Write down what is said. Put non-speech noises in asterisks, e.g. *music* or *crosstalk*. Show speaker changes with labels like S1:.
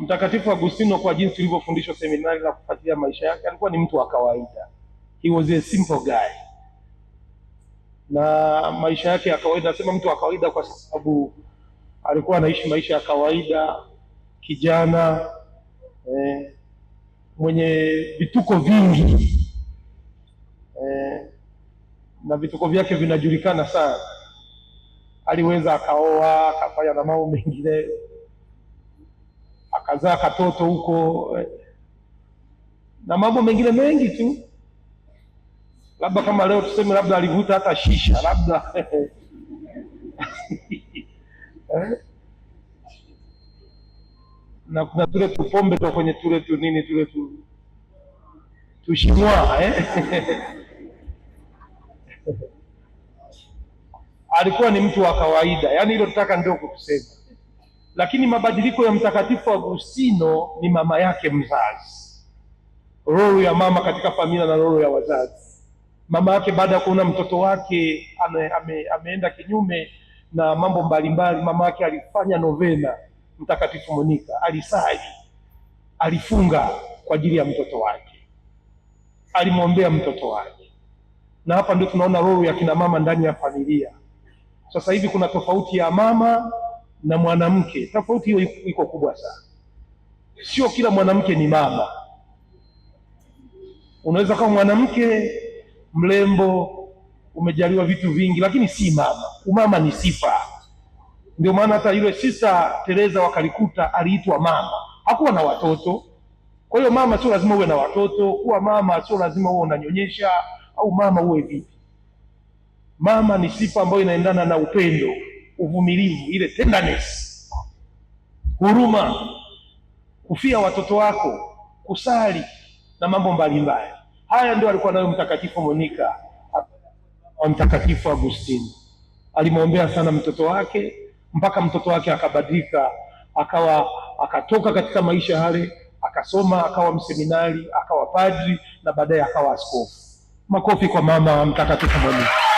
S1: Mtakatifu Agustino kwa jinsi ulivyofundishwa seminari na kufuatilia maisha yake, alikuwa ni mtu wa kawaida, he was a simple guy, na maisha yake ya kawaida. Nasema mtu wa kawaida kwa sababu alikuwa anaishi maisha ya kawaida, kijana eh, mwenye vituko vingi eh, na vituko vyake vinajulikana sana. Aliweza akaoa akafanya na mambo mengine akazaa katoto huko eh, na mambo mengine mengi tu, labda kama leo tuseme, labda alivuta hata shisha labda *laughs* eh? na kuna tule tupombe tu kwenye tule tu nini tule tu tushimwa eh? *laughs* alikuwa ni mtu wa kawaida, yaani hilo tutaka ndio kutusema lakini mabadiliko ya Mtakatifu Agustino ni mama yake mzazi, roho ya mama katika familia na roho ya wazazi. Mama yake baada ya kuona mtoto wake ame, ame, ameenda kinyume na mambo mbalimbali, mama yake alifanya novena Mtakatifu Monika, alisali, alifunga kwa ajili ya mtoto wake, alimwombea mtoto wake, na hapa ndio tunaona roho ya kina mama ndani ya familia. Sasa hivi kuna tofauti ya mama na mwanamke, tofauti hiyo iko kubwa sana. Sio kila mwanamke ni mama. Unaweza kuwa mwanamke mrembo, umejaliwa vitu vingi, lakini si mama. Umama ni sifa. Ndio maana hata yule sisa Teresa wa Kalikuta aliitwa mama, hakuwa na watoto. Kwa hiyo mama sio lazima uwe na watoto. Kuwa mama sio lazima uwe unanyonyesha au mama uwe vipi. Mama ni sifa ambayo inaendana na upendo uvumilivu, ile tenderness, huruma, kufia watoto wako, kusali na mambo mbalimbali. Haya ndio alikuwa nayo Mtakatifu Monika wa Mtakatifu Agustini. Alimwombea sana mtoto wake mpaka mtoto wake akabadilika, akawa akatoka katika maisha yale, akasoma, akawa mseminari, akawa padri na baadaye akawa askofu. Makofi kwa mama Mtakatifu Monika.